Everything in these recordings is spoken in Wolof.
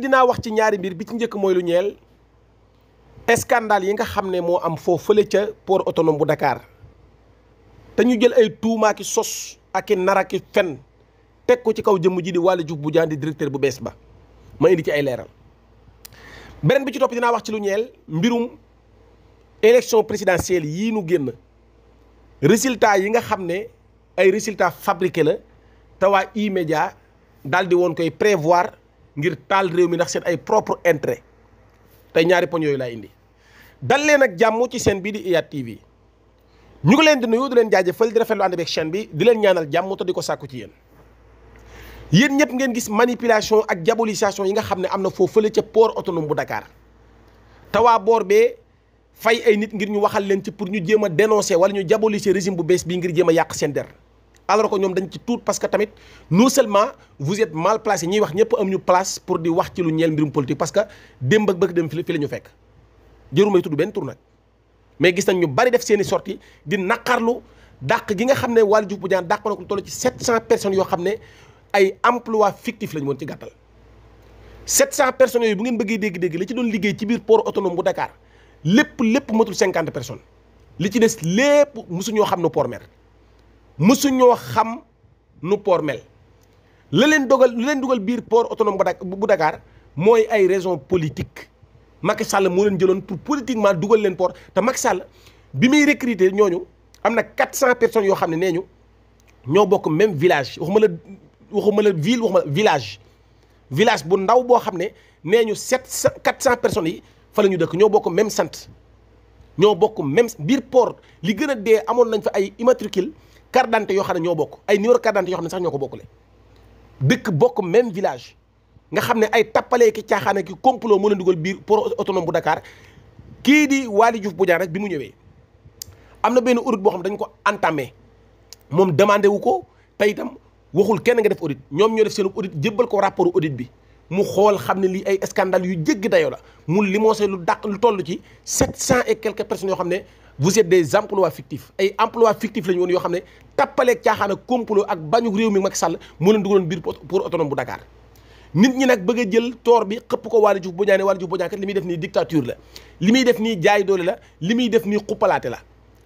dinaa wax ci ñaari mbir bi ci njëkk mooy lu ñeel scandale yi nga xam ne moo am foofu fële ca poor autonome bu dakaar te ñu jël ay tuumaaki sos ak i naraki fen teg ko ci kaw jëmm ji di Waly Diouf Bodiang di directeur bu bees ba ma indi ci ay leeral beneen bi ci topp dinaa wax ci lu ñeel mbirum élection présidentielle yii nu génn résultat yi nga xam ne ay résultat fabriqué la te waa E-Media daal di woon koy prévoir ngir taal réew mi ndax seen ay propre intérêt tey ñaari poñ yooyu laa indi dal leen ak jàmm ci seen bii di IYAT TV ñu ngi leen di nuyu di leen jaajëfal di rafetlu ànd beeg chaîne bi di leen ñaanal jàmm te di ko sàkku ci yéen yéen ñëpp ngeen gis manipulation ak diabolisation yi nga xam ne am na foofu fële ca poor autonome bu dakaar te waa boor bee fay ay nit ngir ñu waxal leen ci pour ñu jéem a dénoncer wala ñu diaboliser régime bu bees bi ngir jéem a yàq seen der alors que ñoom dañ ci tuut parce que tamit non seulement vous êtes mal placé ñiy wax ñëpp am ñu place pour di wax ci lu ñeel mbirum politique parce que démb ak bëgg dem fi la ñu fekk jërumay tudd benn tur nag mais gis nañ ñu bari def seen i sorti di naqarlu dàq gi nga xam ne Waly Diouf Bodiang dàq na ko toll ci 700 personnes yoo xam ne ay emploi fictif lañu woon ci gàttal 700 personnes yooyu bu ngeen bëggee dégg-dégg la ci doon liggéey ci biir port autonome bu Dakar lépp lépp matul 50 personnes li ci des lépp mosuñoo xam ne port mësuñoo xam nu port mel la leen dogal la leen dugal biir port autonome bu Dakar mooy ay raison politique Macky Sall moo leen jëloon pour politiquement dugal leen port te Macky Sall bi muy recruter ñooñu am na 400 personnes yoo xam ne nee ñu ñoo bokk même village waxuma la waxuma la ville waxuma village village bu ndaw boo xam ne nee ñu 700 400 personnes yi fa la ñu dëkk ñoo bokk même sant ñoo bokk même biir port li gën a dee amoon nañ fa ay immatricule carte d'identité yoo xam ne ñoo bokk ay numéro carte d'identité yoo xam ne sax ñoo ko bokkule dëkk bokk même village nga xam ne ay tappalee ki caaxaane ki complot moo leen dugal biir port autonome bu Dakar kii di Waly bu Bodiang rek bi mu ñëwee am na benn audit boo xam ne dañ ko entamé moom demandé wu ko te itam waxul kenn nga def audit ñoom ñoo def seen audit jébbal ko rapport audit bi mu xool xam ne lii ay scandale yu jëgg dayoo la mu limosé lu dàq lu toll ci sept et quelques personnes yoo xam ne vous êtes des emplois fictifs ay emplois fictifs la ñu woon yoo xam ne tappaleeg caaxaan ak complot ak bañu réew mi Macky Sall moo leen dugaloon biir pour autonome bu Dakar nit ñi nag bëgg jël toor bi xëpp ko Waly Diouf Bodiang ne Waly Diouf Bodiang kat li muy def nii dictature la li muy def nii jaay doole la li muy def nii xuppalaate la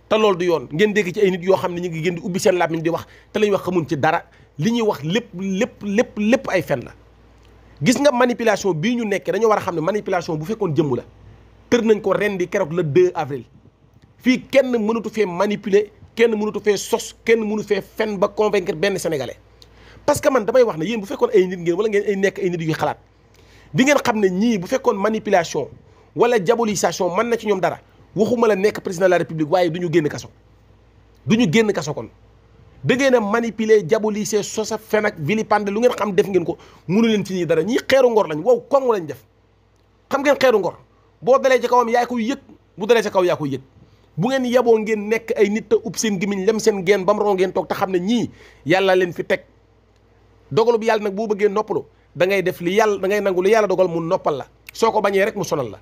te loolu du yoon ngeen dégg ci ay nit yoo xam ne ñu ngi gën di ubbi seen làmmiñ di wax te lañ wax xamuñ ci dara li ñuy wax lépp lépp lépp lépp ay fen la gis nga manipulation bii ñu nekkee dañoo war a xam ne manipulation bu fekkoon jëmm la tër nañ ko ren di keroog le 2 avril fii kenn mënatu fee manipuler kenn mënatu fee sos kenn mënu fee fen ba convaincre benn sénégalais parce que man damay wax ne yéen bu fekkoon ay nit ngeen wala ngeen ay nekk ay nit yu xalaat di ngeen xam ne ñii bu fekkoon manipilation wala diabolisation man na ci ñoom dara waxuma la nekk président de la république waaye du ñu génn kaso du ñu génn kaso kon da ngeen a manipuler diaboliser sosa fen ak vilipande lu ngeen xam def ngeen ko mënu leen ci ñi dara xeeru ngor lañ wow koŋŋ lañ def xam ngeen xeeru ngor boo dalee ci kawam yaa koy yëg bu dalee ci kaw yaa koy bu ngeen yaboo ngeen nekk ay nit te ub seen gémmiñ lem seen geen bam ron ngeen toog te xam ne ñii yàlla leen fi teg dogalu bi yàlla nag boo bëggee noppalu da ngay def li yàlla dangay nangu li yàlla dogal mu noppal la soo ko bañee rek mu sonal la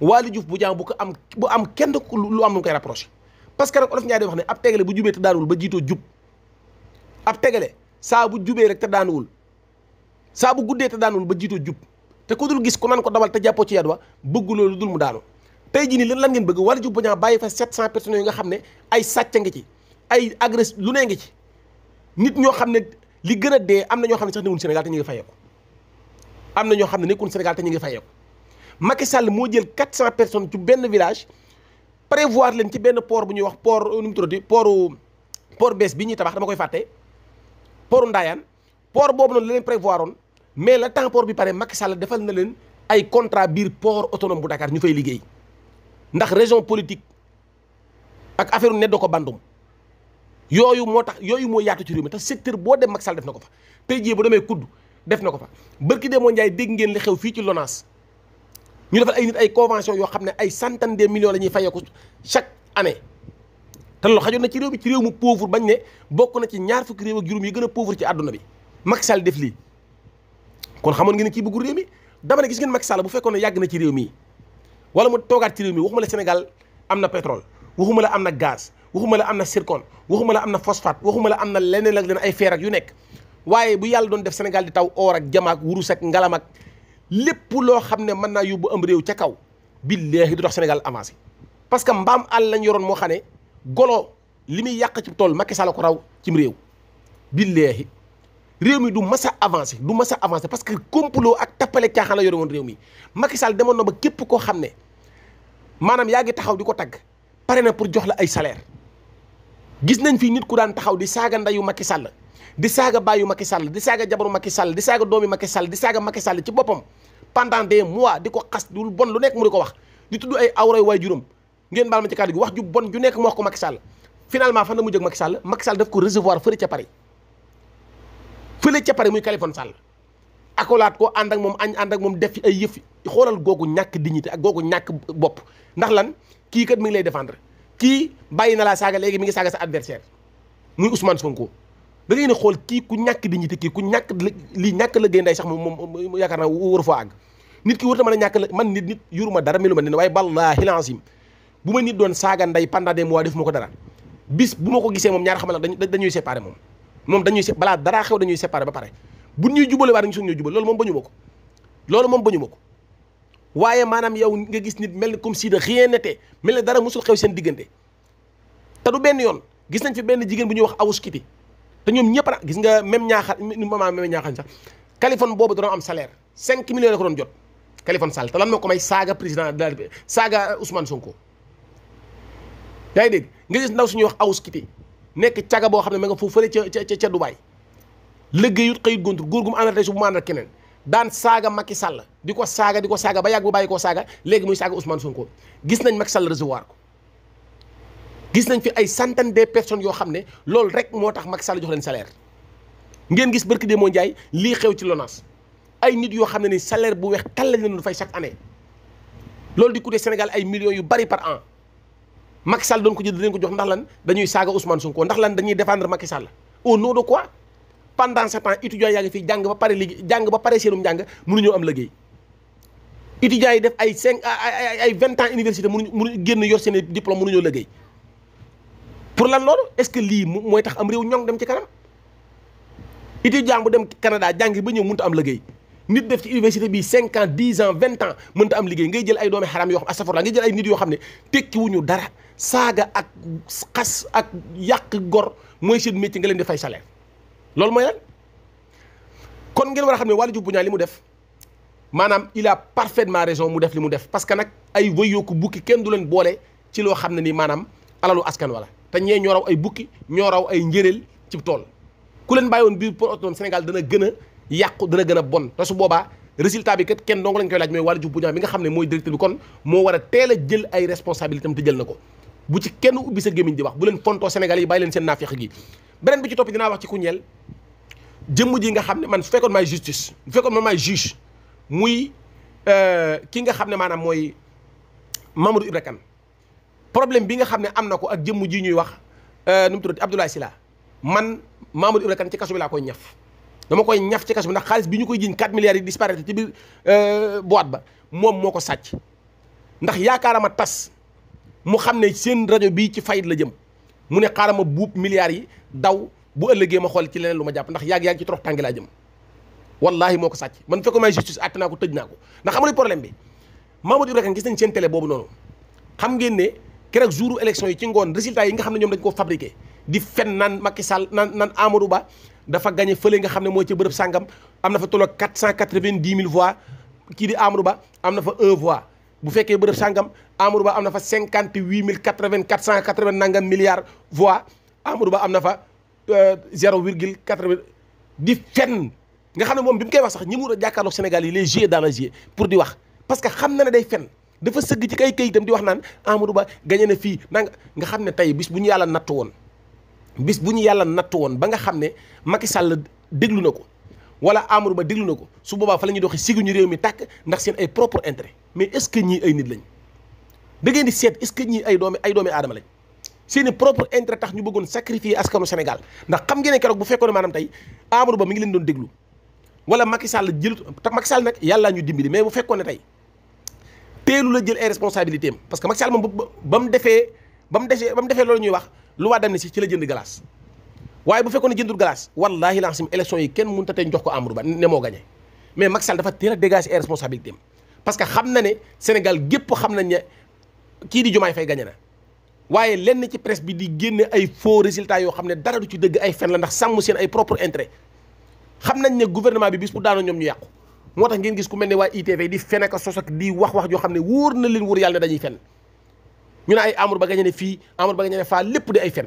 Waly Diouf bu jaam bu ko am bu am kenn lu am lu koy rapproché parce que rek olof ñaari wax ne ab tegale bu jubee te daanuwul ba jiitoo jub ab tegale saa bu jubee rek te daanuwul saa bu guddee te daanuwul ba jiitoo jub te gis ku nan ko dawal te jàppoo ci yadwa bëggu loolu dul mu daanu tey jii nii lan lan ngeen bëgg wala ju buñaa bàyyi fa 700 personnes yi nga xam ne ay sàcc ngi ci ay agresse lu nee ngi ci nit ñoo xam ne li gën a dee am na ñoo xam ne sax newul Sénégal te ñu ngi fayeeku am na ñoo xam ne nekkul Sénégal te ñu ngi fayeeku Macky Sall moo jël 400 personnes ci benn village prévoir leen ci benn port bu ñuy wax port nu mu tuddati portu bees bi ñuy tabax dama koy fàtte portu Ndayane port boobu noonu la leen prévoir oon mais le temps port bi pare Macky Sall defal na leen ay contrat biir port autonome bu Dakar ñu fay liggéey ndax raison politique ak affaire ne da ko bandum yooyu moo tax yooyu moo yaatu ci réew mi te secteur boo dem Macky Sall def na ko fa tey jii demee kudd def na ko fa bërki dee moo Ndiaye dégg ngeen li xew fii ci LONASE ñu defal ay nit ay convention yoo xam ne ay centaine de millions la ñuy fayeeku chaque année te loolu xajoon na ci réew bi ci réew mu pauvre bañ ne bokk na ci ñaar fukki réew ak juróom yi gën a pauvre ci àdduna bi Macky def lii kon xam ngeen ne kii bëggul réew mi dama ne gis ngeen bu fekkoon ne yàgg na ci réew mi wala mu toogaat ci réew mi waxuma la Sénégal am na pétrole waxuma la am na gaz waxuma la am na zircon waxuma la am na phosphate waxuma la am na leneen ak leneen ay fer ak yu nekk waaye bu yàlla doon def Sénégal di taw or ak jama ak wurus ak ngalam lépp loo xam ne mën naa yóbbu am réew ca kaw billaahi du tax Sénégal avancé parce que mbaam àll lañ yoroon moo xam ne golo li muy yàq ci tool Macky Sall ko raw cim réew billaahi réew mi du mas a avancé du mas a avancé parce que complot ak tappale caaxaan la yore woon réew mi Macky Sall demoon na ba képp koo xam ne maanaam yaa gi taxaw di ko tagg pare na pour jox la ay salaire gis nañ fii nit ku daan taxaw di saaga ndeyu Macky Sall di saaga baayu Macky Sall di saaga jabaru Macky Sall di saaga doomi Macky Sall di saaga Macky Sall ci boppam pendant des mois di ko xas dul bon lu nekk mu di ko wax di tudd ay awray waay juróom ngeen baal ma ci kàddu wax ju bon ju nekk mu wax ko Macky Sall finalement fan la mu jóg Macky ko recevoir fëri ca Paris fële ca pare muy Kaliphone Sall akolaat ko ànd moom añ moom def fi ay yëf xoolal googu ñàkk dignité ak googu ñàkk bopp ndax lan kii kat mi ngi lay défendre kii bàyyi na laa saaga léegi mi ngi saaga sa adversaire muy Ousmane Sonko da xool kii ku ñàkk dignité kii ku ñàkk lii ñàkk la gën day sax moom moom yaakaar naa war fa àgg nit ki warta mën a ñàkk la man nit nit yuruma dara melu ma ne waaye ballaahi lancim bu ma nit doon saaga nday pendant des mois def ma ko dara bis bu ma ko gisee moom ñaar xamal dañuy séparé moom moom dañuy se balaa daraa xew dañuy séparé ba pare bu ñuy jubale waa dañu soog ñoo jubal loolu moom bañu ma ko loolu moom bañu ma ko waaye maanaam yow nga gis nit mel ni comme si de rien n'était mel ni dara musul xew seen diggante te du benn yoon gis nañ fi benn jigéen bu ñuy wax awus kiti te ñëpp nag gis nga même ñaaxal maman même ñaaxal sax Kaliphone boobu da am salaire 5 millions la ko jot Kaliphone Sall te lan ko may saaga président de la saaga Ousmane Sonko yaa ngi dégg nga gis ndaw ñuy wax awus kiti nekk caga boo xam ne ma nga foofu fële ca ca ca Dubaay liggéeyut xëyut gontul góor gu mu àndal tey su bu mu àndal keneen daan saaga Macky Sall di ko saaga di ko saaga ba yàgg bu bàyyi koo saaga léegi muy saaga Ousmane ko gis nañ Macky Sall recevoir ko gis nañ fi ay centaine de personnes yoo xam ne loolu rek moo tax Macky Sall jox leen salaire ngeen gis bërki barki moo Ndiaye lii xew ci LONASE ay nit yoo xam ne ni salaire bu weex tal lañ leen fay chaque année loolu di coûter Sénégal ay millions yu bari par an. Macky Sall doon ko jox ndax lan dañuy saaga Ousmane Sonko ndax lan dañuy défendre Macky Sall au nom de quoi pendant ce temps étudiants yaa ngi fi jàng ba pare liggéey jàng ba pare seenum njàng mënuñoo am liggéey étudiants yi def ay cinq ay ay vingt ans université mu mënuñu génn yor seen diplôme mënuñoo liggéey pour lan loolu est-ce que lii mooy tax am réew ñoŋ dem ci kanam étudiant bu dem Canada jàng ba ñëw mun a am liggéey nit def ci université bi cinq ans dix ans vingt ans mënta am liggéey ngay jël ay doomi xaram yoo xam astafurlah ngay jël ay nit yoo xam ne tekkiwuñu dara saaga ak xas ak yàq gor mooy seen métier nga leen di fay salaire loolu mooy lan kon ngeen war a xam ne Waly Diouf Bougniang li mu def maanaam illa a parfaitement raison mu def li mu def parce que nag ay wëyoo ko bukki kenn du leen boole ci loo xam ne nii maanaam alalu askan wala te ñee ñoo raw ay bukki ñoo ay njëréel ci tool ku leen bàyyi woon biir port dana gën a yàqu dana gën a bon te su boobaa résultat bi kat kenn dong lañ koy laaj mooy wàllu jub bu ñaaw mi nga xam ne mooy directeur bi kon moo war a teel a jël ay responsabilité am te jël na ko bu ci kenn ubbi sa gémmiñ di wax bu leen fontoo Sénégal yi bàyyi leen seen naafeq gi beneen bi ci topp dinaa wax ci ku ñeel jëmm ji nga xam ne man su fekkoon maay justice su fekkoon man juge muy euh, ki nga xam ne maanaam mooy Mamadou Ibra kan problème bi nga xam ne am na ko ak jëmm ji ñuy wax euh, nu mu tuddati Abdoulaye Sylla man Mamadou Ibra Kane ci kaso bi laa ñaf dama koy ñaf ci kaso bi ndax xaalis bi ñu koy jiñ 4 milliards yi disparaître ci biir euh, boîte ba moom moo ko sàcc ndax yaakaarama tas mu xam ne seen rajo bii ci fayit la jëm mu ne xaarama buub milliards yi daw bu ëllëgee ma xool ci leneen lu ma jàpp ndax yàgg-yàgg ci torox tàngi laa jëm wallahi moo ko sàcc man fekko may justice àtte naa ko tëj naa ko ndax xamul problème bi Mamadou Ibra Kane boobu noonu xam ngeen ne keroog jouru élection yi ci ngoon résultat yi nga xam ne ñoom dañ ko fabriqué di fen naan Macky Sall naan naan Amadou Ba dafa gagné fële nga xam ne mooy ci bërëb sàngam am na fa tolloog quatre cent quatre-vingt-dix mille voix kii di Ba am na fa un voix bu fekkee bërëb sàngam Amadou Ba am na fa cinquante huit mille quatre-vingt quatre cent quatre-vingt nangam milliards voix Amadou Ba am na fa euh, zéro virgule quatre-vingt di fenn nga xam ne moom bi mu koy wax sax ñi mu war a jàkkaarloog Sénégal yi les jeux dans le pour di wax parce que xam na ne day fenn dafa sëgg ci kay kayitam di wax naan Amadou Ba gañe na fii nanga nga xam ne tey bis bu ñu yàlla nattu woon bis bu ñu yàlla nattu woon ba nga xam ne Macky Sall déglu na ko wala Amadou Ba déglu na ko su boobaa fa la ñuy doxee siguñu réew mi tàkk ndax seen ay propre intérêt mais est que ñii ay nit lañ da ngeen di seet est-ce que ñii ay doomi ay doomi aadama lañ seeni propre intérêt tax ñu bëggoon sacrifier askanu Sénégal ndax xam ngeen ne keroog bu fekkoon ne maanaam tey Amadou Ba mi ngi leen doon déglu wala Macky Sall jëlut Macky Sall nag yàllaa ñu dimbili mais bu fekkoon ne tey teelu la jël ay parce que Macky Sall moom ba mu defee ba mu defee ba mu defee loolu ñuy wax loi d'amnistie ci la jënd glace waaye bu fekkoon ne jëndul glace wallaahi lancim élection yi kenn mënut a tey jox ko Amadou Ba ne moo gagné mais Macky Sall dafa teel a dégager ay responsabilités parce que xam na ne Sénégal gépp xam nañ ne kii di Diomaye Faye gagné na waaye lenn ci presse bi di génne ay faux résultats yoo xam ne dara du ci dëgg ay fen la ndax sàmm seen ay propre intérêt xam nañ ne gouvernement bi bis bu daanoo ñoom ñu yàqu moo tax ngeen gis ku mel ne waa ITV di fen ak sos wax wax yoo xam ne wóor na leen wóor yàlla dañuy fen ñu ne ay Amadou Ba gañe ne fii Amadou Ba gañe ne faa lépp di ay fen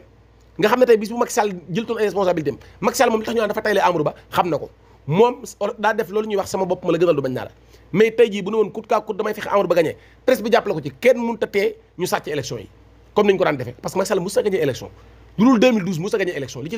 nga xam ne tey bis bu Macky Sall jëltoon ay responsabilité am moom li tax ñu naan dafa tayle Amadou Ba xam na ko moom daa def loolu ñuy wax sama bopp ma la gënal du bañ naa la mais tey jii bu ne woon kut kaa kut damay fexe Amadou Ba gañe presse bi jàppale ko ci kenn mënut a tee ñu sàcc élection yi comme niñ ko daan defee parce que Macky Sall mos gañe élection lu dul 2012 mos a gañe élection